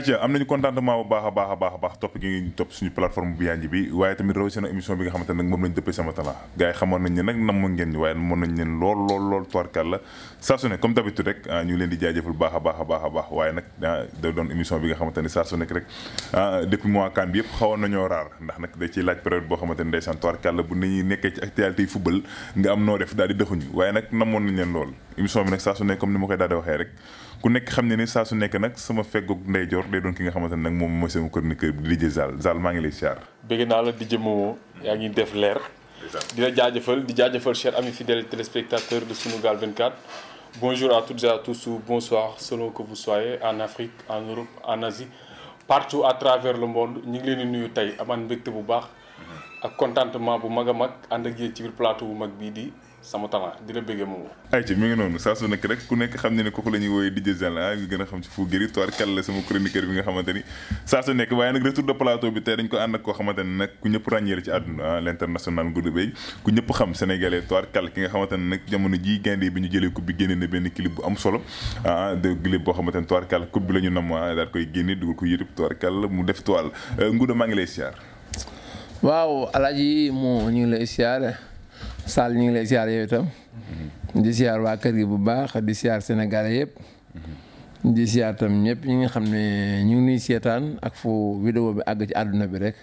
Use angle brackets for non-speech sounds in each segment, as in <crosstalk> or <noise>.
ayca am nañu contentement bu baax a baax a baax a topp gi ngi topp suñu plateforme bu yanj bi waaye tamit rawatina émission bi nga xamante nag moom lañ dëppee sama talent comme d'habitude ah, di dëxuñu waaye nag ah, ah, namoon nañ lool émission bi nag saa su comme ni ma koy daal di waxee rek ku nekk xam ne ne saa su nekk nag sama feggoog ndeyjoor day doon ki nga xamante ne nag moom mooy sama chroniqueur bi DJ Zal Zal maa ngi lay siyaar. bëgg naa la DJ Momo yaa ngi def leer. di la jaajëfal di jaajëfal chers amis fidèles téléspectateurs de Sunugal 24. bonjour à toutes et à tous ou bonsoir selon que vous soyez en Afrique en Europe en Asie partout à travers le monde ñu ngi leen di nuyu tey amaan mbégte bu baax. ak contentement bu mag a mag ànd ak yéen ci biir plateau bu mag bii di. sama talent di la bëggee moomu. ay ci mi ngi noonu saa su nekk rek ku nekk xam ne ne kooku la ñuy wooyee DJ Zala ngi ah, gën a xam ci Fou Guéri Toire Kelle la sama chroniqueur bi nga xamante ni saa su nekk waaye nag retour de plateau bi tey dañ ko ànd ak koo xamante ne nag ku ñëpp ràññeer ci àdduna ah, l' international Ngouda Beye ku ñëpp xam sénégalais Toire Kelle ki nga xamante ne nag jamono jii gaynde bi ñu jëlee coupe bi génne na benn clip bu am solo ah de clip boo xamante ne Toire Kelle coupe bi la ñu nam ah, daal koy génne dugal ko YouTube Toire Kelle mu def toile euh, Ngouda maa ngi lay siyaar waaw alaaji mu ñu ngi lay siyaare Sall ñu ngi lay siyaar yow itam di siyaar waa kër gi bu baax di siyaar Sénégalais yëpp di siyaar tam ñëpp ñu nga xam ne ñu ngi nuy seetaan ak fu vidéo bi àgg ci àdduna bi rek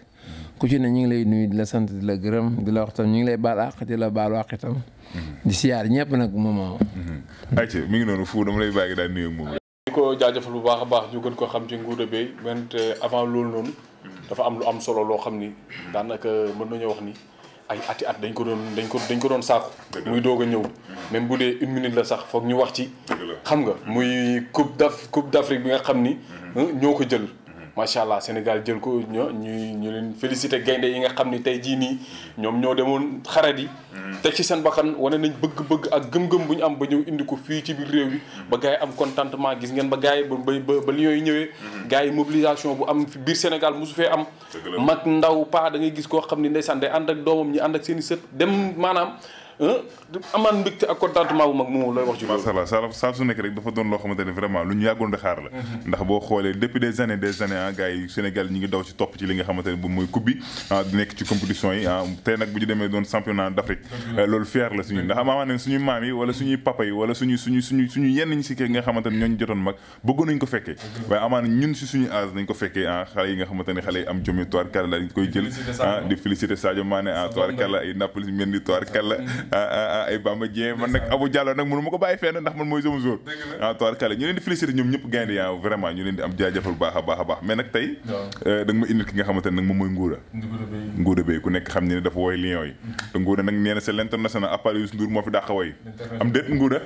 ku ci ne ñu ngi lay nuyu di la sant di la gërëm di la wax tam ñu ngi lay baal àq di la baal àq itam di siyaar ñëpp nag moom ayca mi ngi noonu fu dama lay bàyyi daal nuyu moom di ko jaajëfal bu baax a baax ñu gën ko xam ci Ngouda Beye wante avant loolu noonu dafa am lu am solo loo xam ni daanaka mën nañoo wax ni ay ati at dañ ko doon dañ ko dañ ko doon sàkku muy doog a ñëw mm-hmm. même bu dee une la sax foog ñu wax ci xam nga muy coupe d' coupe d' bi nga xam ni mm-hmm. ñoo ko jël macha allah Sénégal jël ko ñoo ñu ñu leen félicité gaynde yi nga xam ni tey jii nii ñoom ñoo demoon xaradi mm. te ci seen bakkan wane nañ bëgg-bëgg ak gëm-gëm bu ñu am ba ñëw indi ko fii ci biir réew yi ba gars yi am contentement gis ngeen ba gars yi ba ba ba lions yi ñëwee mm-hmm. gars yi mobilisation bu am biir Sénégal mosu fee am mag ndaw paa da gis koo xam ni ndeysaan day ànd ak doomam ñi ànd ak seen i sët dem maanaam amaan mbégte ak contentement bu mag moomu looy su nekk rek dafa doon loo xamante ne vraiment lu ñu yàggoon di xaar la. Mhm. ndax boo xoolee depuis des années des années ah yi Sénégal ñi ngi daw ci topp ci li nga xamante ne bu mooy coupe bi ah nekk ci compétition yi ah tey nag bu ñu demee doon championnat d'Afrique eh, loolu fier la suñu ndax amaana ne suñu maam yi wala suñu papa yi wala suñu suñu suñu suñu yenn ñi si kii nga xamante ne ñooñu jotoon mag bëggoon suñu âge nañ ko fekkee ah xamante ne xale yi am jom Ah, ah, ah, ay Bamba Dieng man nag Abou Diallo nag mënu ma ko bàyyi fenn ndax man mooy sama jour ah toirkale ñu leen di féliciter ñoom ñëpp gaynde yaa vraiment ñu leen di am jaajëfal baax a baax a baax mais nag tey eh, da ma indil ki nga xamante ne nag moom mooy Ngouda Ngouda bee ku nekk xam ne ne dafa woy Lions yi mm-hmm. te Ngouda nag nee na c'est l'international à part Youssou Ndour moo fi dàq woy am déet Ngouda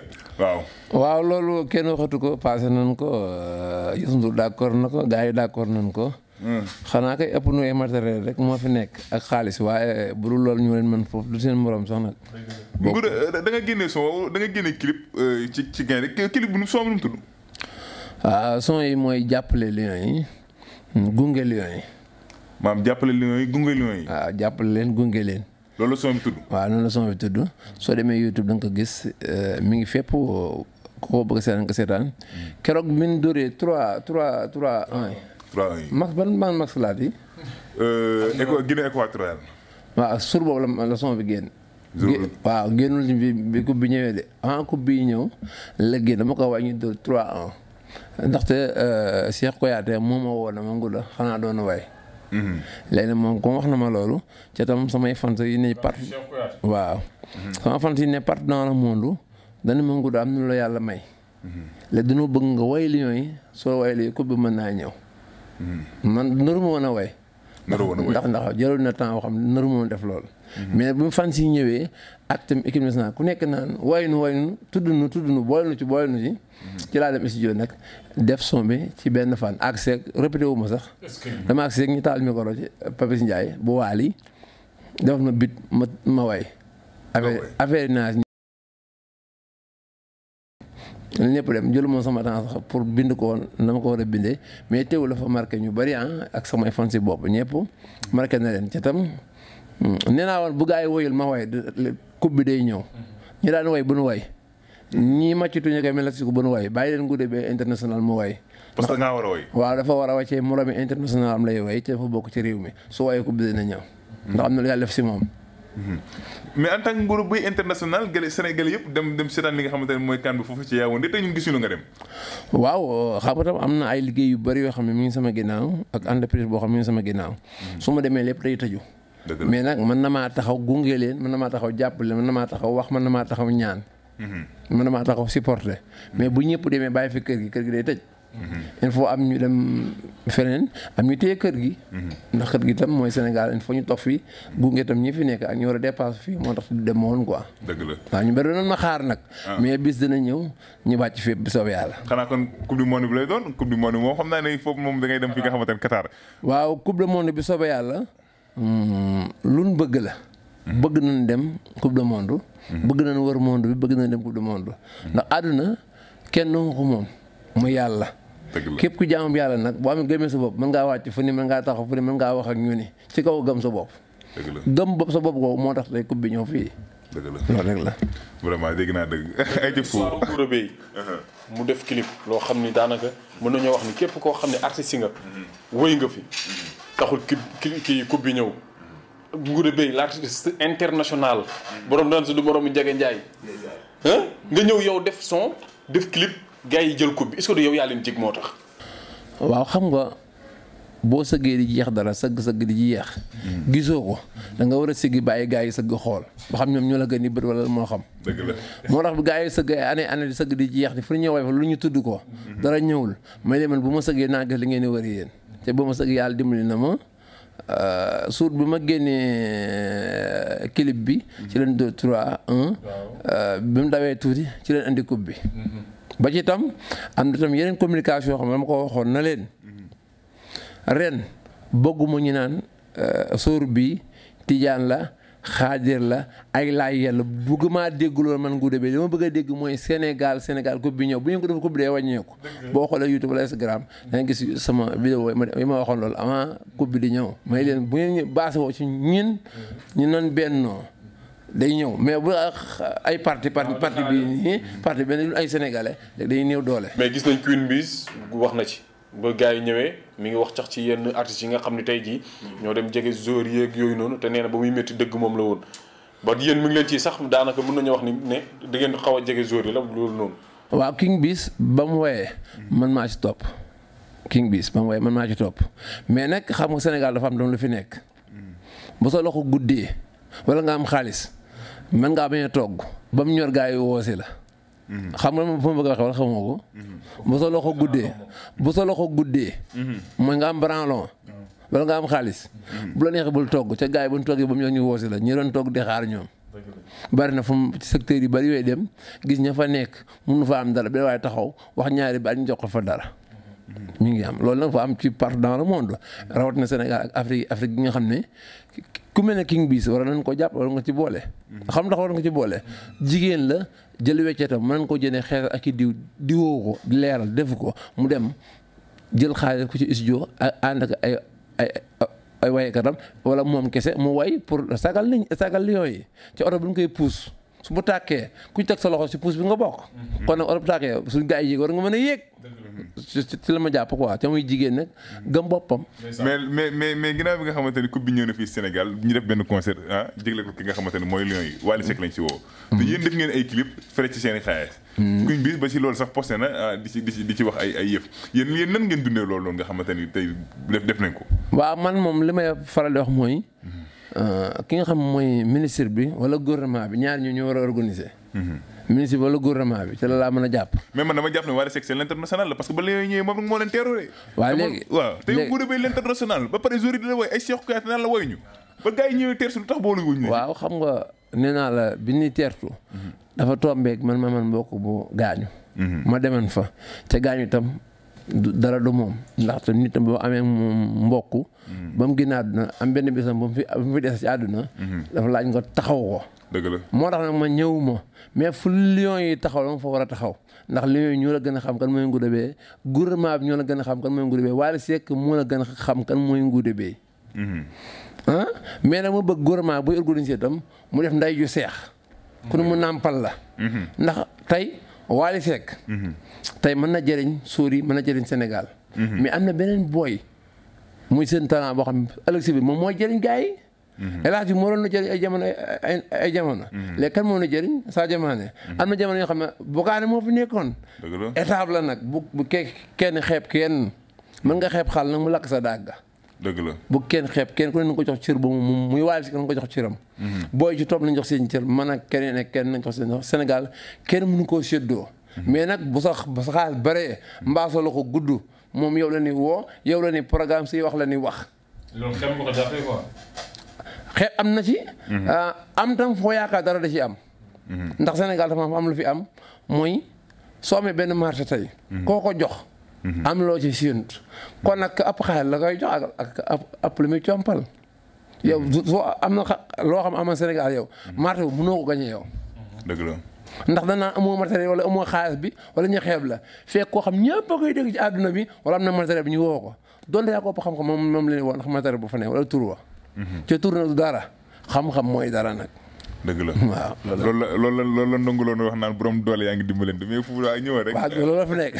waaw loolu kenn waxatu ko passé nañ ko euh, Youssou Ndour d'accord na ko gars yi d'accord nañ ko xanaa kay ëpp nu ay matériel rek moo fi nekk ak xaalis waaye bu dul loolu ñu leen mën foofu du seen moroom sax nag. Ngoudou da nga génne son da nga génne clip ci ci gaynde clip bu nu son bi nu tudd. ah son yi mooy jàppale lion yi gunge lion yi. maam jàppale lion yi gunge lion yi. jàppale leen gunge leen. loolu la son bi tudd. waaw loolu la son bi tudd soo demee YouTube da nga ko gis mi ngi fépp ku ko bëgg seetaan keroog min dóoree trois trois trois un. 3-1 yi. mas ban ban mas euh, génn. bi ñëwee de en bi ñëw la dama ko wàññi de 3 ndaxte euh, Cheikh Koyaate moo ma ngula xanaa doon waay. Mhm. léegi moom comme wax na ma loolu ca tam samay fans yi ne part waaw mhm. sama fans yi ne part dans le ma ngudda am na la yàlla may mhm. léegi dañoo bëgg nga way yi soo way lii coupe bi mën naa ñëw man naru ma woon a way ndax ndax jëloon na temps oo xam naru moo def loolu mhm. mais bu fan si ñëwee ak tam ku nekk naan way nu way nu tudd nu tudd nu boole nu ci boole nu ci mhm. ci laa dem studio nag def son bi ci benn fan ak seeg wu ma sax dama ak seeg ñu taal micro ci Papis Ndiaye bu waal yi def na bit ma ma way affaire affaire naa ñëpp dem jëlu moom sama temps sax pour bind ko woon na ma ko war a bindee mais teewul dafa marqué ñu bëri ah ak samay fan si bopp ñëpp marqué na leen ci tam hmm. nee naa woon bu gaa yi woyul ma woy coupe bi day ñëw ñu daan woy bu nu woy ñii màccituñu koy mel ko bu nu woy bàyyi leen gudde bi international mu woy parce que nga war a woy waaw dafa war a wàccee moromi international am lay way te dafa bokk ci réew mi su woyee coupe bi dina ñëw ndax am na lu yàlla def si moom Mhm. mais en tant que nguur buy international gale Sénégal yëpp dem dem seetaan li nga xamante ne mooy kan bi foofu ci Yaoundé te ñun gisuñu nga dem. waaw euh, xam nga tam am na ay liggéey yu bëri yoo xam ne mi ngi sama ginnaaw ak entreprise boo xam ne mi ngi sama ginnaaw. Mhm. su ma demee lépp day tëju. mais nag mën na maa taxaw gunge leen mën na maa taxaw jàppale mën na maa taxaw wax mën na maa taxaw ñaan. Mhm. mën na maa taxaw supporter. mais bu ñëpp demee bàyyi fi k gi kër gi day tëj. il faut am ñu dem feneen am ñu téye kër gi. ndax kër gi tam mooy Sénégal il faut ñu toog fii gunge tam ñi fi nekk ak ñu war a dépasse fii moo tax du dem woon quoi. dëgg waaw ñu bëri noonu ma xaar nag. Ah. mais bis dana ñëw ñu wàcc fépp bu soobee yàlla. xanaa kon coupe du monde bi lay doon coupe du monde xam naa ne foofu moom da ngay dem fi nga xamante ne Qatar. waaw coupe du monde bi soobee yàlla. Hmm, luñ bëgg la. bëgg nañ dem coupe du monde. bëgg nañ wër monde bi bëgg nañ dem coupe du monde. ndax àdduna kenn noo moom mu yàlla. képp ku jaamam yàlla nag boo amee gëmee sa bopp mën ngaa wàcc fu ni mën ngaa taxaw fu ni mën ngaa wax ak ñu ni ci kaw gëm sa bopp gëm bopp sa bopp ko moo tax tey coupe bi ñëw fii dëgg la loolu rek la <laughs> uh-huh. mu def clip loo xam ni daanaka mën nañoo wax ni képp koo xam ne artiste nga uh-huh. wëy nga fi uh-huh. taxul kii coupe bi ñëw Koura Beye l'artiste international borom daan su du borom jege njaay nga ñëw yow def son def clip gaa yi jël coupe bi est-ce que du yow yaa moo tax. waaw xam nga boo sëggee di jeex dara sëgg sëgg di jeex. Hmm. gisoo ko da nga war a siggi bàyyi gars yi sëgg xool ba xam ñoom ñoo la gën di bët wala moo xam. moo tax gaa yi sëgg ay année di sëgg di jeex ni fu ñu ñëwee fa lu ñu tudd ko. Hmm. dara ñëwul may man bu ma sëggee naa gis li ngeen di war yéen te bu ma sëgg yàlla dimbali na ma. Euh, suut bu ma génnee euh, clip bi. ci leen deux trois hmm. euh, bi mu dawee tuuti ci leen indi coupe bi. ba ci itam am na tam yeneen communication xam ne ma ko waxoon na leen ren bëgguma ñu naan euh, sóor bi tijaan la xaadir la ay laay yàlla bëgguma dégg loolu man nguude bi li bëgg a dégg mooy Sénégal Sénégal coupe bi ñëw bu ñu ko def coupe dee wàññeeku boo xoolee YouTube wala gramme da nga gis sama vidéo yi ma waxoon loolu avant coupe bi di ñëw may leen bu ngeen baase woo ci ñun ñu noon bennoo day ñëw mais bu ay parti parti parti bi nii parti benn ay sénégalais day néew doole. mais gis nañ Queen Biz wax na ci ba gars yi ñëwee mi ngi wax sax ci yenn artistes yi nga xam ne tey jii ñoo dem jege joueurs yeeg yooyu noonu te nee na ba muy métti dëgg moom la woon ba yéen mi ngi leen ci sax daanaka mën nañu wax ni ne da ngeen xaw a jege joueurs yi la loolu noonu. waaw Queen Biz ba mu wooyee man maa ci topp Queen Biz ba mu wooyee man maa ci topp mais nag xam Sénégal dafa am doon fi nekk ba loxo guddee wala nga am xaalis. man ngaa bañ a togg ba mu ñor gars yi woose la. xam nga moom fu ma bëgg a waxee wala xamoo ko. bu sa loxo guddee bu sa loxo guddee. mooy nga am branlon. wala nga am xaalis. bu la neex bul togg ca gaa yi bu ñu toggee ba mu ñor ñu woose la ñi doon togg di xaar ñoom. bari na fu mu secteur yi bari yooyu dem gis ña fa nekk mënu fa am dara ba waaye taxaw wax ñaari ba ñu jox ko fa dara. mi ngi am loolu nag fa am ci partout dans le monde rawat na Sénégal ak Afrique Afrique bi nga xam ne ku mel ne King Bis war nañ ko jàpp war nga ci boole. xam ndax war nga ci boole jigéen la jël weccetam mën na ko jëndee xeer ak i diw diwoo ko leeral defu ko mu dem jël xaalis ku ci studio ak ànd ak ay ay. ay wayekatam wala moom kese mu way pour sagal liñ sagal lion yi ci oto bu ñu koy puus su mu tàkkee ku ci teg sa loxo si puus bi nga bokk. Mm-hmm. kon nag oto bu tàkkee suñ gaa yi a ci la ma jàpp quoi te muy jigéen nag gëm boppam. mais mais mais mais ginnaaw bi nga xamante ni coupe bi ñëw na fii Sénégal ñu def benn concert ah jégle ko ki nga xamante mooy Lions yi Wally Seck lañ mm. ay clip fere ci mm. ba ci loolu sax posté na ah, di ci di ci ci wax ay ay yëf yéen yéen nan ngeen dundee loolu loolu nga xamante ni tey def def ko. waaw man moom li may faral di wax mooy. Mm-hmm. Euh, ki nga xam mooy ministre bi wala gouvernement bi ñaar ñu ñoo war a organiser. Mm-hmm. ministre bi wala gouvernement bi ci la mën a jàpp. mais man dama jàpp ne waa RSEC waaw te bu dee ba l'international ba pare jour yi la woy ba gars ñëwee teertu mhm. dafa tombeeg man ma man mbokk bu gaañu mhm. ma demen fa te gaañu itam dara du moom ndaxte nit boo amee moom mbokk mm. ba mu génn àdduna am benn bisam ba mu fi ba mu fi des ci àdduna mm-hmm. dafa laaj nga taxaw ko moo tax nag ma ñëwuma mais fu lion yi taxaw la ma fa war a taxaw ndax lion yi ñoo la gën a xam kan mooy Ngouda Beye gouvernement bi ñoo la gën a xam kan mooy Ngouda Beye Wally Seck moo la gën a xam kan mooy Ngouda Beye mm-hmm. ah mais nag ma bëgg gouvernement buy organisé itam mu def nday ju seex ku ne mu mm-hmm. nàmpal la ndax tey Wally Seck tey mën na jëriñ Sori mën na jëriñ Sénégal. Mhm. mais am na beneen booy. muy seen talent boo xam ne ëllëg si moom mooy jëriñ gars yi. Mhm. El moo doon na jëriñ ay jamono ay jamono. Mhm. léegi moo na jëriñ Sadio Mané. am na jamono yoo xam ne Bokaane moo fi nekkoon. étape la nag bu bu kenn xeeb kenn mën nga xeeb xaal nag mu lakk sa dàgga. dëgg la bu kenn xeeb kenn ku ne nu ko jox cir ba mu muy waale si kan ko jox cëram. booy ci topp nañ jox seen cër man ak keneen kenn nañ jox seen Sénégal kenn mënu koo seddoo Mm-hmm. mais nag bu sax bu sa xaalis bëree ko mm-hmm. gudd moom yow la ni woo yow la ni programme si wax la ni wax. loolu am na ci. Mm-hmm. Ah, am tam foo yaakaar dara da ci am. ndax Sénégal dafa am lu fi am mooy soo amee benn marché tey. koo ko jox. am loo ci séentu. kon nag ab xaalis la koy jox ak ak ab lu muy compal. yow soo am na loo xam amal Sénégal yow. marché bu mënoo ko gagné yow. ndax danaa amoo matériel wala amoo xaalis bi wala ñu xeeb la fekk koo xam ñëpp a koy dégg ci àdduna bi wala am na matériel bi ñu woo ko donte yaa ko ëpp xam-xam moom moom la ñuy woo ndax matériel bu fa ne wala tur wa. ca mhm. tur na du dara xam-xam mooy dara nag. dëgg la <laughs> waaw loolu la loolu la loolu wax naan borom doole yaa ngi dimbalante mais fu waaye ñëwal rek. waaw loolu la fi nekk.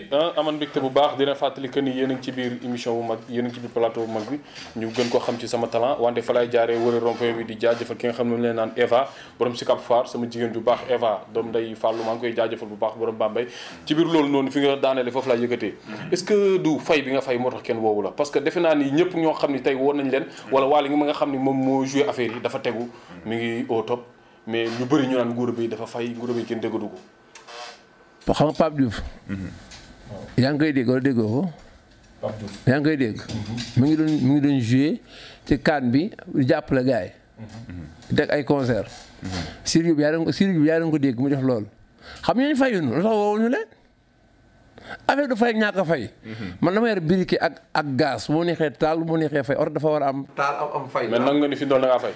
<laughs> Ah, aman mbégte bu baax dina fàttali que ni yéen a ngi ci biir émission bu mag yéen a ngi ci biir plateau bu mag bi di jaajëfal ki xam ne naan Eva borom Sicap Foire sama jigéen bu baax Eva doom day fàllu maa ngi koy jaajëfal bu baax borom Bambey ci biir loolu noonu fi nga daaneele foofu laa yëkkatee mm-hmm. est du fay bi nga fay moo bi au top mais ñu bëri ñu naan nguur bi dafa fay nguur bi kenn déggatu ko. xam nga mhm. Pape Diouf. yaa ngi koy dégg mu mhm. ngi doon mu ngi doon joué ci kaan bi di jàppale la yi. Mhm. teg ay concert. Sidy Diop yaa doon ko dégg mu def loolu. xam nga ñu fayu ñu lu tax woowuñu leen. affaire du fay ñàkk a fay. man dama yar briquet ak ak gaz moo neexee taal moo neexee fay or dafa war a am. taal am am fay. mais nangu nga ni fi doon da ngaa fay.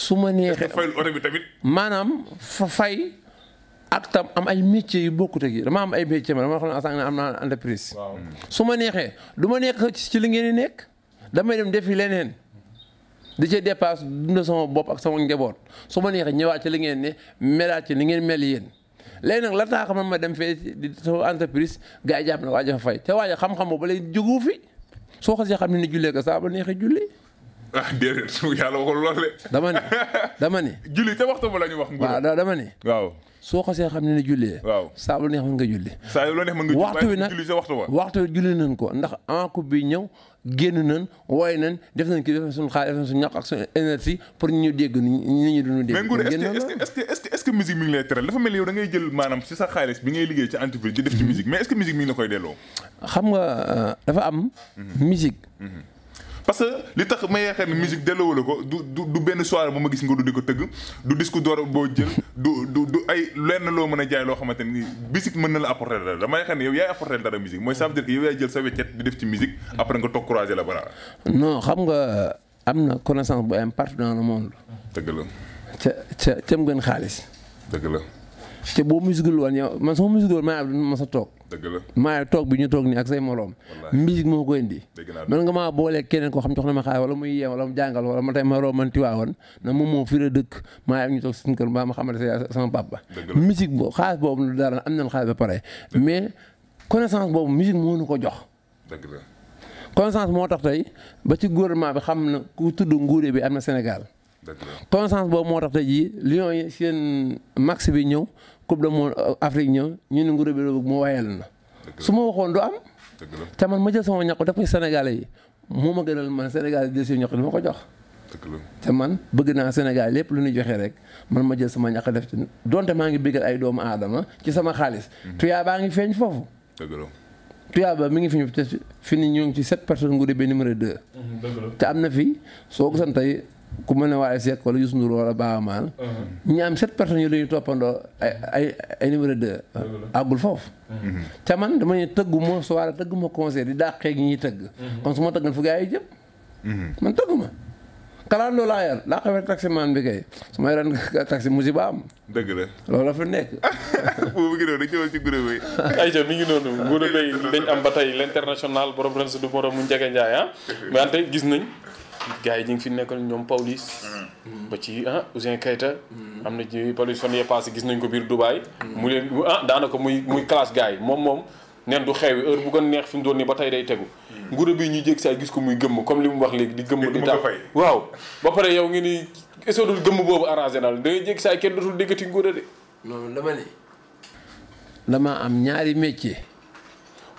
su ma neexee maanaam fa fay ak tam am ay métiers yu bokkut ak yi dama am ay métiers ma dama xam ne asang na am naa entreprise su ma neexee duma ma ci li ngeen di nekk damay dem defi leneen di ci dépasse dunda sama bopp ak sama njaboot su ma neexee ñëwaat ci li ngeen ne melaat ci ni ngeen mel yéen léegi nag la tax man ma dem fee di sama entreprise gars yi jàpp na waaja fa fay te waaja xam-xam boobu ba léegi jógu fi soo xasee xam ne ni jullee ko saa ba neexee julli ah déedéet <laughs> yàlla waxul lool de. dama ni dama ni. <laughs> julli te waxtu bu la wax. nguur waaw dama ni. waaw soo xasee xam ne ne julli. waaw saa lu neex mën nga julli. saa lu neex mën nga julli waxtu wi nag waxtu wi julli nañ ko ndax en bi ñëw génn nañ wooy nañ def nañ kii def nañ suñu xaar ak suñu énergie pour ñu dégg ñu ñu duñu dégg. mais nguur est ce que musique hmm. ngi la koy delloo. xam nga euh, dafa am hmm. musique hmm. parce que li tax ma yaakaar ne musique delloo la ko du du benn soirée bu ma gis nga du di ko tëgg du disque d'or boo jël du du ay lenn loo mën a jaay loo xamante ni musique mën na la apporter dara dama yaakaar ne yow yaay apporter dara musique mooy ça veut dire que yow yaay jël sa weccet di def ci musique après nga toog croiser la bara non xam nga euh, am na connaissance bu am partout dans le monde. dëgg la. ca ca cam gën xaalis. dëgg la. te boo musique woon yow sa toog. dëgg la maa toog bi ñu toog nii ak say moroom musique moo ko indi man nga maa boolee keneen koo xam jox na ma xaar wala muy yee wala mu jàngal wala ma tey ma room man tiwaawoon na moom moo dëkk maa ngi ma xamante sama papa musique boobu am ko jox dëgg la moo tax tey ba ci gouvernement bi xam na ku tudd nguure bi am na Sénégal connaissance boobu moo tax tey jii Lions seen max bi ñëw coupe du monde euh, Afrique ñëw ñu ne Ngouroup bi bëgg moo wayal na. su ma waxoon du am. te man ma jël sama ñàkk def ko Sénégalais yi moo ma gënal man Sénégal yi jël ñàkk ma ko jox. te man bëgg naa Sénégal lépp lu ñu joxe rek man ma jël sama ñàkk def ci donte maa ngi bëggal ay doomu aadama ci sama xaalis. Mhm. tuyaa baa ngi feeñ foofu. tuyaa mu ngi fi ñu fi ni ñu ngi ci sept personnes Ngouroup bi numéro deux. Mhm, te am na fi soo ko ku mel ne Waly Seck wala Youssou Ndour wala Baaba Maal uh-huh. ñu am sept personnes yu dañuy toppandoo ay ay ay numéro deux àggul foofu uh-huh. te man dama ne tëggu ma soirée tëggu ma concert di dàqee gi ñuy tëgg uh-huh. kon su ma tëggal loolu laa yar laa xamee bi kay su ma yoroon <laughs> taxi musiba am. dëgg la loolu la nekk. <laughs> boobu ngi dañ am ba tey l' international du borom mu Ndiaga Ndiaye ah. <laughs> ante gis nañ. gars yi ñu ngi fi nekkal ñoom Paulis. Mm-hmm. ba ci ah Ouzin Keita. Mm-hmm. am na ci Paulis fan yee passé gis nañ ko biir Dubaay. mu leen ah daanaka muy muy classe gars yi moom moom. neen du xewi heure bu ko neex fi mu doon nii ba tey day tegu. Mm-hmm. nguru bi ñuy jég saay gis ko muy gëmm comme li mu wax léegi di gëmm. di tax waaw. ba pare yow ngi ni est gëmm boobu arrangé na la da ngay jég saay kenn dootul déggati ngóor a de. non dama ni dama am ñaari métier.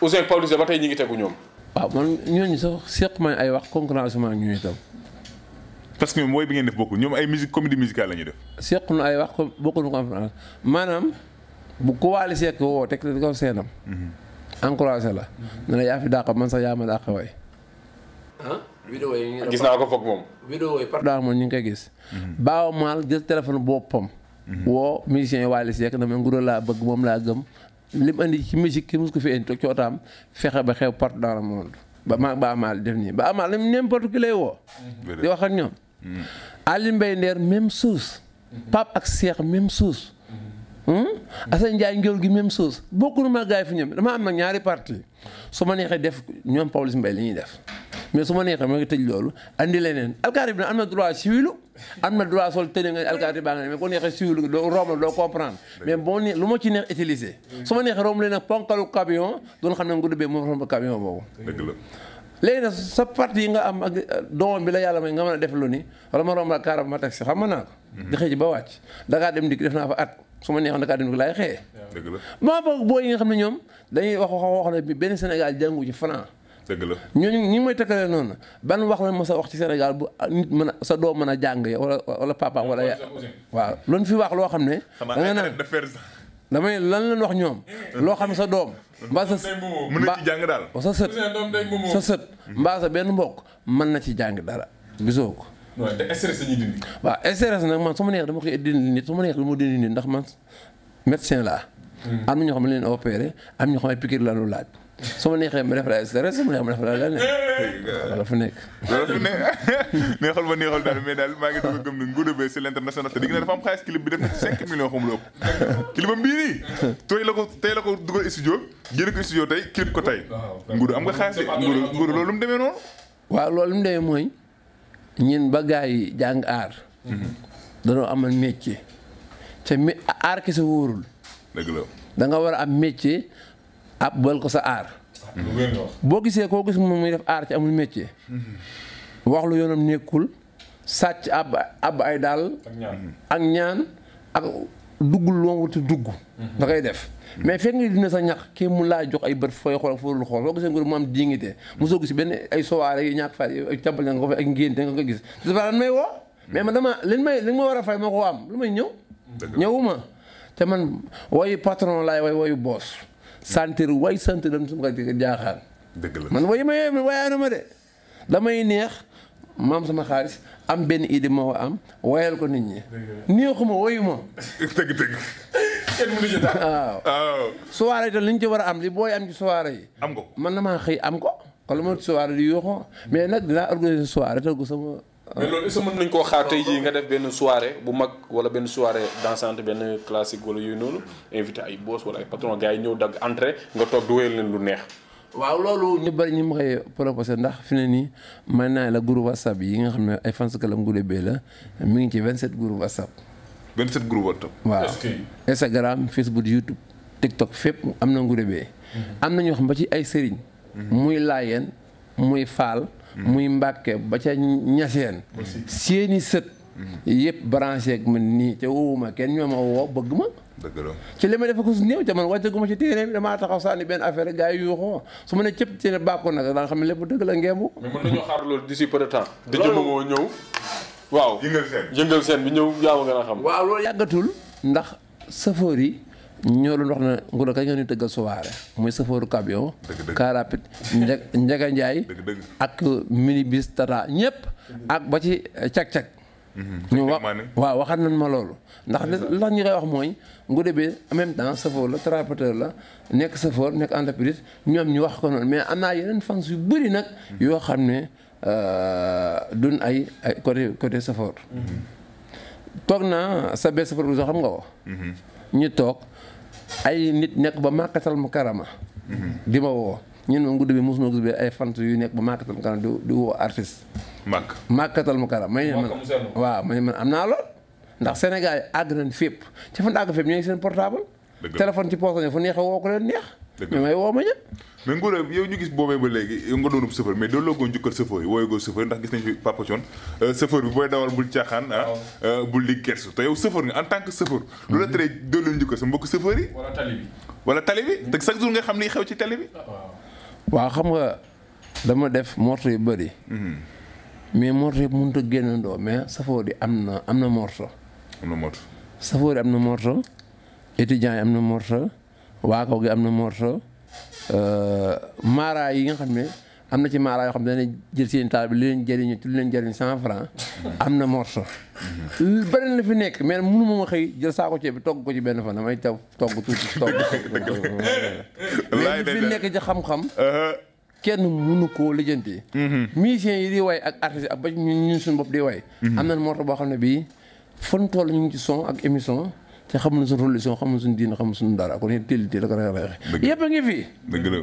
Ouzin Paulus ba tey ñu ngi tegu ñoom. waaw man ñooñu sax seq ma ay wax concurrence ma ak ñooñu itam. parce que mooy bi ngeen def bokkul ñoom ay musique comédie musicale la ñuy def. seq nu ay wax bokkul conférence maanaam bu ko waali seq woo te ko seenam. Mhm. encouragé la. Mhm. ne la yaa dàq man sax yaa ma dàq way. gis naa ko foog moom. vidéo yi par moom ñu ngi koy gis. Mhm. baaw maal jël téléphone boppam. woo musiciens yi waali na ma nguro laa bëgg moom laa gëm li mu andi ci musique ki mus ko fi indi cootaam fexe ba xew partout dans le monde ba ma ba amaal def nii ba amaal n'importe qui lay woo di wax ak ñoom mm. Ali Mbaye Nder même chose mm-hmm. Pape ak Cheikh même chose Hmm? Assane Ndiaye ngéwél gi même chose bokkul ma gars yi fi ñoom dama am nag ñaari parti su ma neexee def ñoom Pawlish mbay li ñuy def mais su ma neexee ma ngi tëj loolu andi leneen alkaati bi am na droit siwilu am na droit sol tëne nga alkaati baa nga ne mais ko neexee siwilu doo romb doo comprendre mais boo nee lu ma ci neex utiliser su ma neexee romb leen nag ponkalu camion doon xam ne ngudu bee moom romb camion boobu léegi nag sa parti yi nga am ak doom bi la yàlla may nga mën a def lu ni wala ma romb la kaara ma taxi xam ma naa ko mhm. di xëy ba wàcc Dakar dem dikk def naa fa at su ma neexoon Dakar dem ko laay xëyee. dëgg la maa boog booy yi nga xam ne ñoom dañuy wax wax ne benn Sénégal jàngu ci franc. dëgg la ñooñu ñi may tëkkalee noonu ban wax la ma sa wax ci Sénégal bu nit mën a sa doo mën a jàng wala wala papa wala. waaw loolu fi waax loo xam ne. da nga naan damay lan leen wax ñoom. loo xam sa doom. mbaa sa mën na ci jàng daal. sa sët sa sët mbaa sa benn mbokk mën na ci jàng dara gisoo ko. waaw te stress la ñuy dindi. waaw stress nag man su ma neex dama koy dindi nit su ma neex dama dindi nit ndax man médecin laa. Hmm. am na ñoo xam ne leen opéré am ñoo xam ne piqûre la lu laaj. su ma neexee ma def la ma neex ma def la leneen. wala fu nekk. wala <laughs> ma neexal daal mais daal maa ngi doon gëm ne nguur bi c'est l'international te di nga ne dafa am xaalis clip bi def na ci 5 millions lu ëpp. clip am bii nii. tey la ko tey ko dugal studio génn ko studio tey clip ko tey. nguur am nga xaalis de nguur loolu mu demee noonu. waaw loolu mu demee mooy. ñun ba gaa yi jàng aar. danoo amal métier te mi aar ki wóorul. dëgg war a am métier ab bal ko sa aar. boo gisee koo gis moom muy def aar ci amul métier. wax lu yoonam nekkul sàcc ab ab ay daal. ak ñaan duggul loo war dugg. Mhm. da kay def mais fekk nga dina sa ñax kii mu laa jox ay bët fooy xool fooy xool soo gisee nguur mu am dignité. mosoo gis benn ay sowaare yu ñàkk fay ay càmbal nga ko fa ak ngénte nga ko gis. te dafa daan may woo. mais man dama li may li ma war a fay ma ko am lu may ñëw. ñëwuma te man woyu patron laay woy woyu boos. santir way sant dem su ma jaaxaan. dëgg la man woyu ma yooyu waayaanu ma de damay neex. maam sama xaalis am benn idée moo ko am woyal ko nit ñi. neexuma woyuma. <laughs> dëgg dëgg <laughs> kenn mënu ci ci war a am li booy am ci yi. am ko man na maa xëy am ko. wala ma soirée di mais nag dinaa organiser soirée teel ko sama. mais loolu koo xaar tey nga def benn soirée bu mag wala benn soirée dansante benn classique wala yooyu noonu invité ay boss wala ay patron gars yi ñëw dagg entrée nga toog du wéyal leen lu neex. waaw loolu ñu bari ñu ma koy proposé ndax fi ne nii may naa la groupe whatsapp yi nga xam ne ay fans Kalam Goulé bee la mi ngi ci 27 groupe whatsapp. 27 groupe whatsapp. waaw Instagram Facebook YouTube TikTok fépp am na Goulé Beye. Mhm. am na ñoo xam ba ci ay sëriñ. Mhm. muy laayeen muy faal. Mhm. muy mbàkke ba ca ñaseen. seeni sët. yëpp branché ak man nii te woowuma kenn ñoo ma woo bëgg ma. dëgg la ci li ma def ko su néew te man wàcce ci téere bi damaa taxaw sànni benn affaire gars yi yuuxoo su ma ne cëpp ci ne bàkku nag daan xam ne lépp dëgg la ngeemu. mais mën waaw yëngal seen bi ñëw yaa ma gën a xam. waaw loolu yàggatul ndax safoor yi. ñoo doon wax na Ngouda kañ nga ñu tëggal soirée muy safooru camion car rapide Njaga Njaay ak minibus tata ñëpp ak ba ci cag-cag Mhm. ñu wax waaw waxaat nañ ma loolu. ndax li tax ñu koy wax mooy Ngouda bi en même temps safoor la trapporteur la nekk safoor nekk entreprise ñoom ñu wax ko noonu mais am naa yeneen fans yu bëri nag. Mhm. yoo xam ne euh, duñ ay ay côté côté safoor. Mhm. toog naa sa bee safoor bu xam nga ko. ñu toog ay nit nekk ba màkkatal mu karama. di ma woo ñun moom Ngouda bi mos na gis ay fans yu nekk ba màkkatal mu karama di woo artiste. may man waaw may man am naa lool ndax Sénégal yi àgg nañ fépp ci fan àgg fépp ñooy seen portable téléphone ci poche fu neexee woo ko leen neex may woo ma ña mais Ngouda yow ñu gis boobee ba léegi yow nga doonub chauffeur mais dooloo goo njukkal chauffeur yi wooyu goo chauffeur ndax gis nañu fi Papa Thion euh, chauffeur bi booy dawal bul caaxaan ah, euh, bul di kersu te yow chauffeur nga en tant que chauffeur lu la mhm. tere dooloo njukkal sa mbokk chauffeur yi wala tali te chaque nga xam liy xew ci tali bi waaw xam nga dama def morte yu bëri mhm. mais morceau yëpp mënut a génnandoo mais safoo di am na am na morceau. am na morceau. safoo di am na morceau étudiant yi na morceau waakaw gi am na morceau euh, maaraay yi nga xam ne am na ci maaraay yoo xam ne dañuy jël seen taal bi lu leen jëriñu lu leen jëriñ cent franc am na morso mhm. beneen la fi nekk mais mënu ma ma xëy jël saako ceeb bi togg ko ci benn fan damay taw togg tuuti togg. <laughs> mais li fi nekk ci xam-xam. Uh-huh. kenn mënu koo lijjanti. Mhm. musiciens yi di way ak artistes ak ba ñun ñun suñu bopp di way. Mhm. am na morceau boo xam ne bii fan toll ñu ngi ci son ak émission te xamuñu suñu religion xamuñu suñu diin xamuñu suñu dara kon yéen teel teel la ko rek rek. yëpp a fi.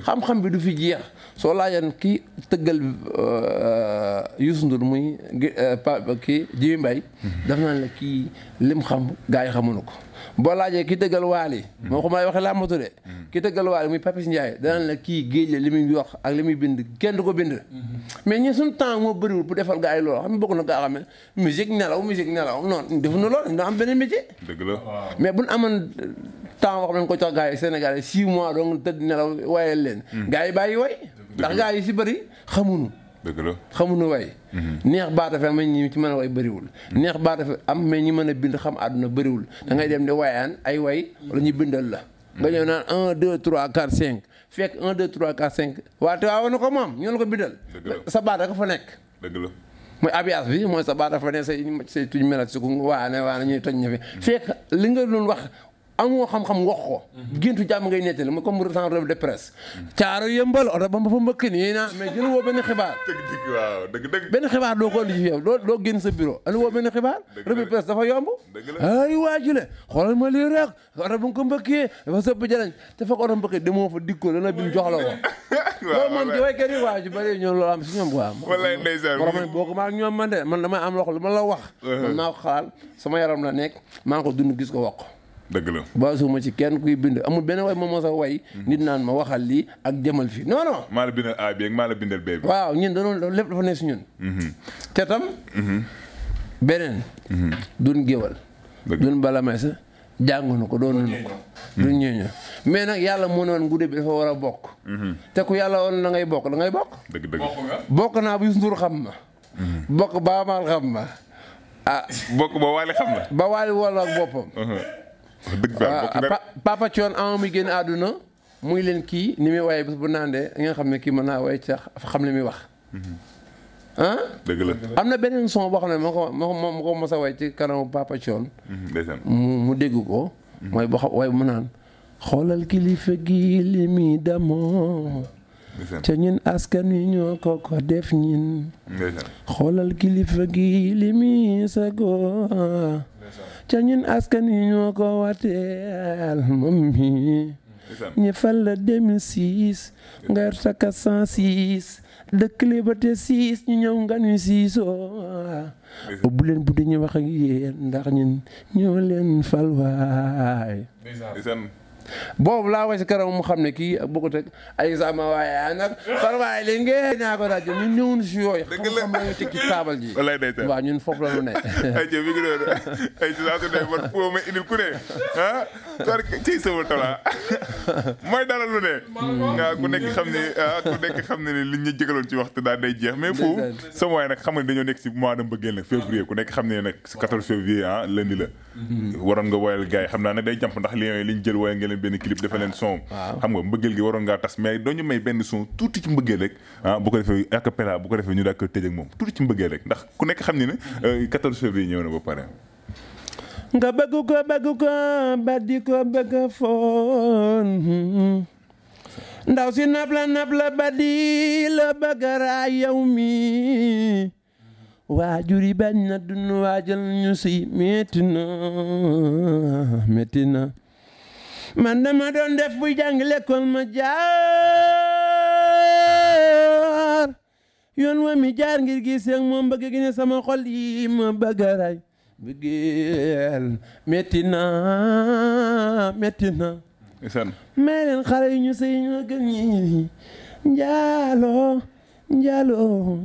xam-xam bi du fi jeex soo laajaan kii tëggal euh, Youssou Ndour muy euh, pa ki Jimi Mbaye. Mhm. daf naa ne kii lim xam gaa yi xamuñu ko. boo laajee ki tëggal waali moo ko may waxe làmbatu de mm-hmm. ki tëggal waali muy Papis Ndiaye danaan la kii géej la li muy wax ak li muy bind kenn du ko bind mm-hmm. mais ñun suñu temps moo bëriwul bu defal gaa yi loolu xam ne bëgg na gaa xam ne musique nelaw musique nelaw noonu defu na loolu ndax am beneen métier mais bu nu buñ amoon euh, temps wax nañ ko jox gars yi Sénégal six mois donc tëdd nelaw waayal leen mm-hmm. gars yi bàyyi way ndax gars yi si bëri xamuñu dëgg la xamuñu way mhm. neex baata afe am ñi ci mën a way bëriwul mhm. neex baat afe am mais ñi mën a bind xam àdduna bëriwul da ngay dem di wayaan ay way wala ñu bindal la nga mhm. ñëw naan un deux trois quatre cinq fekk un deux trois quatre cinq waa te waaw na ko moom ñoo la ko bindal sa baat aka fa nekk dëgg la mooy bi mooy sa baat afa ne say say tuñ melat suko waane waane ñu toñ na fi fekk li nga doon wax amoo xam-xam wax ko. géntu jàmm ngay nettali ma comme mu de presse. caaro yëmbal ma fa mbëkk nii naa mais jël benn xibaar. dëgg dëgg waaw dëgg dëgg. benn ko andi ci yow sa bureau andi woo benn xibaar. dëgg dafa yomb. dëgg la ay waajule xoolal ma lii rek oto bu nga ko mbëkkee dafa sëpp jëlañ te fekk oto mbëkkee demoo fa dikkoo dana la ko. <laughs> waaw man waa ji bëri ñoom loolu am si boo ko man de man damay am loxo lu ma la wax. Uh-huh. man maa ko xalaat sama yaram la nekk maa ngi ko dund gis ko wax dëgg la baasuuma ci kenn kuy bind amul benn way moom moo sax way nit naan ma waxal lii ak jëmal fii non A bi ak waaw ñun danoon lépp dafa ne si ñun mhm. te tam mhm. beneen mhm. duñ géwal duñ bala may sa jànguñu ko doonuñu ko duñ ñeeño mais nag yàlla moo ne woon gudde bi dafa war a bokk te ku yàlla woon na ngay bokk da ngay bokk dëgg dëgg bokk naa bu sundur xam ma bokk baamaal xam ma ah bokk ba waali xam na ba waali wala ak boppam uh-huh. dëgg fa ah, ah, Papa Thione am muy génn àdduna muy leen kii ni muy waaye bés bu naandee nga xam ne kii mën naa waaye ca xam li muy wax. Mm-hmm. Ah? am na beneen son boo xam ne moo ko moo ko ci kanamu Papa Thione. Mm-hmm, mu dégg ko. Mm-hmm. mooy boo xam waaye mu naan. xoolal kilifa gi li muy demoo. ca ñun askan wi ñoo ko ko def ñin. xoolal kilifa gi li muy sagoo. ca ñun askan yi ñoo ko wateel moom mi ñi fal la 2006 nga yor sa 406 dëkk Liberté 6 ñu ñëw nga nuy siisoo bu leen buddi ñu wax ak yéen ndax ñun fal waay boobu laa way si kanam mu xam ne kii bokkut ak ay sama waaye yaa nag far waaye li ngeen naa ko rajo ñun ñëwun si yooyu xam-xam lañu teg ci taabal ji waaw ñun foofu la ñu ne <laughs> ay jë mi ngi doon ay ah, ci saa su ma indil lu ne waaw ah, ku nekk xam ne ah, ku nekk ne ne li ñu jëgaloon ci waxtu daal day jeex mais foofu sama waaye nag xam nga dañoo nekk si mois de mbëggeel nag février ku nekk xam ne nag si 14 février ah lundi la mm-hmm. waroon nga woyal gars yi xam naa nag day jàmp ndax li liñ jël woyal leen benn clip defal leen ah, son xam nga mbëggeel gi waroon ngaa tas doo may benn son tuuti ci mbëggeel rek ah bu bu ko defee ñu daal ko tëj ci mbëggeel rek ku nekk xam ne ne euh, 14 février ñëw na ba pare nga bëgg ko bëgg ndaw si nab la nab la ba la bëgg raay yow mi waajur yi bañ na dun waajal ñu si metti na metti na man dama doon def buy jàng l'école ma jaar yoon wa mi jaar ngir gis ak moom bëgg gi ne sama xol yi ma bëgg a ray metti na metti na may leen xale yu ñu sëy ñoo gën ñi njaalo njaalo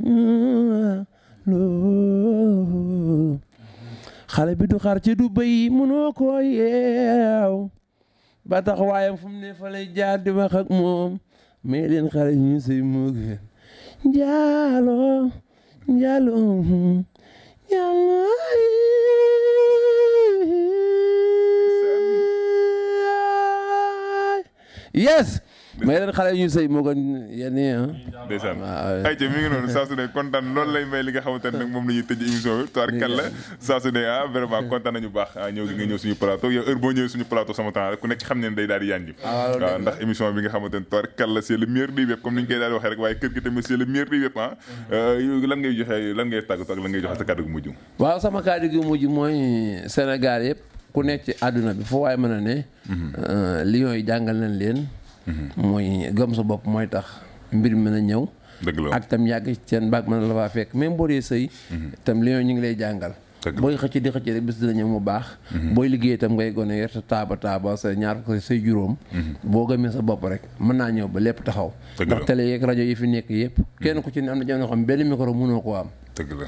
xale bi du xar ci du bëy mënoo koo yeew ba tax waayam fu ne fa jaar di wax ak moom mais leen xale ñu sëy moo gën njaalo njaalo yes mais yeneen xale yu sëy moo gën yenn yi ah. ndeysaan ayca mi ngi noonu saa su ne kontaan lay may li nga xamante ne nag moom la ñuy tëj émission bi. toir kàlla saa su ne ah vraiment kontaan nañu baax ah, ñëw gi nga ñëw suñu plateau yow heure boo ñëwee suñu plateau sama temps rek ku nekk xam ne day daal di yànji. Ah, waaw ah, ndax émission bi nga xamante ne toir kàlla c'est le meilleur du web comme ni ñu koy daal di waxee rek waaye kër gi tamit c'est le meilleur du web ah. Euh, lan ngay joxe lan ngay tàggatoo ak lan ngay joxe sa kàddu gu mujj. waaw sama kàddu gu ku nekk ci àdduna bi foo waaye mën a ne mhm. euh, lion yi jàngal nañ leen mooy gëm sa bopp mooy tax mbir mi mën a ñëw. ak tam yàgg ci seen baag mën a la faa fekk même boo dee sëy mhm. tam li ñu ngi lay jàngal. booy xëcc di xëcc rek bés dina ñëw mu baax. Mhm. booy liggéey tam ngay gone yor sa taaba taaba sa ñaar ko say juróom. Mhm. boo gëmee sa bopp rek mën naa ñëw ba lépp taxaw. ndax télé yeeg rajo yi fi nekk yëpp. kenn ku ci ne am na jamono xam benn micro mënoo ko am.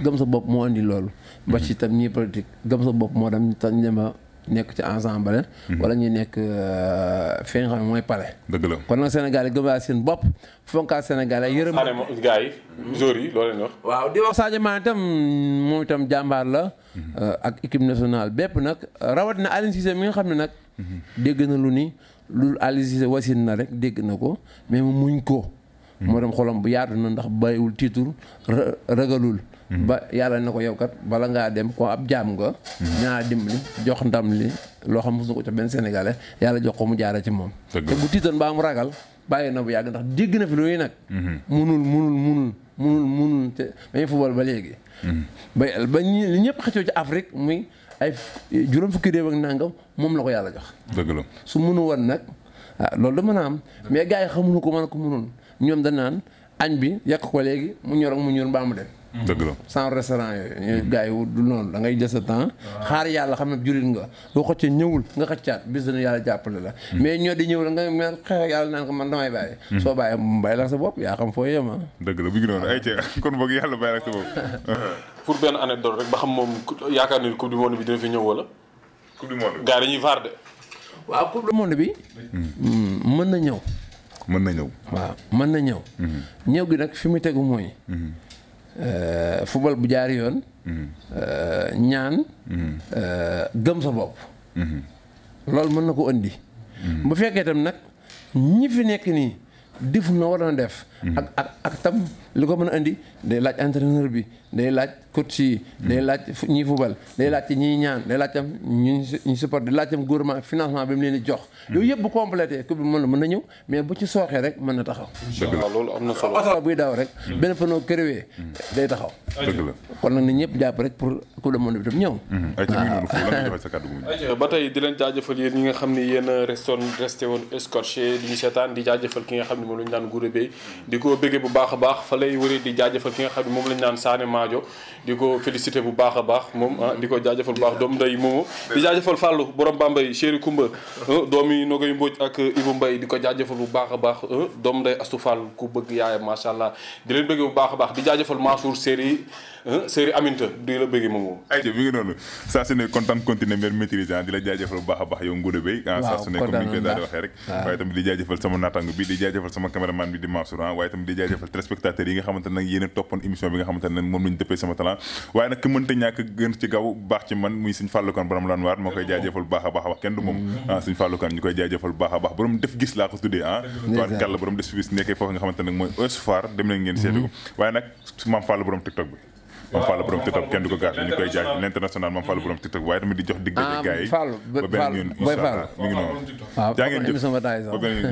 gëm sa bopp moo indi loolu. ba ci itam ñii politique gëm sa bopp moo nekk ci ensemble. Mhm. wala ñuy nekk euh, fi nga xam ne mooy palais. dëgg la kon Sénégal yi gëmlaa seen bopp fonkaa Sénégal yi yërëm. xaaral gars yi joueurs loolu leen wax. waaw di wax Sadio Mané itam moom itam jàmbaar la. Mhm. Euh, ak équipe nationale bépp nag rawatina Aliou Cissé mi nga xam ne nag. Mhm. dégg na lu ni lu Aliou wasin na rek dégg na ko mais mu muñ ko. moo dem xolam bu yaatu na ndax bàyyiwul tiitul ragalul. Mhm. ba yàlla na ko yow kat bala ngaa dem ko ab jaam nga. ñaa mhm. dimbali jox ndam li loo xam mosu ko jox benn sénégalais yàlla jox ko mu jaara ci moom. te bu tiitoon baa mu ragal bàyyi na bu yàgg ndax dégg na fi lu ñuy nag. Mhm. munul munul munul munul mu te dañuy ba léegi. ba ba ñëpp xëccoo ci Afrique muy ay juróom fukki réew moom la ko yàlla jox. dëgg la su munu woon nag ah, da mën a am mais gars yi xamuñu ko mën ko mënoon ñoom danaan añ bi yàq ko léegi mu ñor ak mu ñor mbaa mu dem. Mm-hmm. dëgg la sans restaurant yooyu. Mm-hmm. gars yi du noonu da ngay jël sa temps. xaar yàlla xam ne jurit nga boo xëccee ñëwul nga xëccaat bis dana yàlla jàppale la. Mm-hmm. mais ñoo di ñëw la nga mel xeex yàlla naan ko man damay bàyyi. soo bàyyi mu bàyyi bopp yaa xam foo yem ah. dëgg la bu ñu kon boog yàlla bàyyi la sa bopp. <laughs> pour benn anecdote rek ba xam moom yaakaar ni coupe du monde bi dina fi ñëw wala. coupe du monde gars dañuy vaar de. waaw coupe du monde bi. mën na ñëw. mën na ñëw. waaw mën na ñëw. ñëw gi nag fi mu tegu mooy Euh, football bu jaar yoon. Euh, ñaan. Euh, gëm sa bopp. loolu mën na ko indi. bu fekkee tam nag ñi fi nekk nii defu na waroon def. ak ak tam li ko mën a indi day laaj entraîneur bi day laaj. coach yi day laaj ñiy fubal day laaj ñiy ñaan day laaj tam ñu support di laaj tam gouvernement financement bi mu leen di jox hmm. yooyu yëpp bu complété coupe bi mën na mën na ñëw mais bu ci sooxee rek mën na taxaw loolu am na solo oto buy daw rek hmm. benn panneau crevé hmm. day taxaw kon di leen jaajëfal yéen ñi nga xam ne yéen di ñu ki nga xam ne moom lañu naan Gouroumbé di ko bëggee bu baax a baax fa lay wëree di jaajëfal ki nga xam ne moom lañu naan Sané Madio di ko félicité bu baax a baax moom ah di ko jaajëfal bu baax doom nday moomu di jaajëfal Fallou borom Bambey chéri Kumba doom ah, yi doomi Nogoy Mbodj ak Ibou mbay di ko jaajëfal bu baax a baax ah, doomu nday Astou Fall ku bëgg yaayam macha allah di leen bëgg bu baax a baax di jaajëfal Mansour Séri Serigne Aminta di la bëgg moomu. ayca mi ngi noonu saa su ne kontaan continuer mère maîtrisant ah, di la jaajëfal bu baax a baax yow Ngouda Beye. Ah, waaw saa su ne comme ni ñu koy daal di waxee rek. Ah, a toppoon émission bi nga moom a moom ah a baax nekkee foofu nga xamante nag mooy Ouest Foire ngeen seetu mhm. waaye nag maam fàllu borom TikTok bi Mame Fallou borom TikTok kenn du ko gaas ñu ngi koy jaay ah, l'international Mame Fallou borom TikTok waaye tamit di jox dig daje gars ah, ba beneen yoon incha allah mi noonu jaa ngeen jëf ba beneen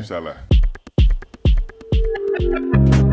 yoon incha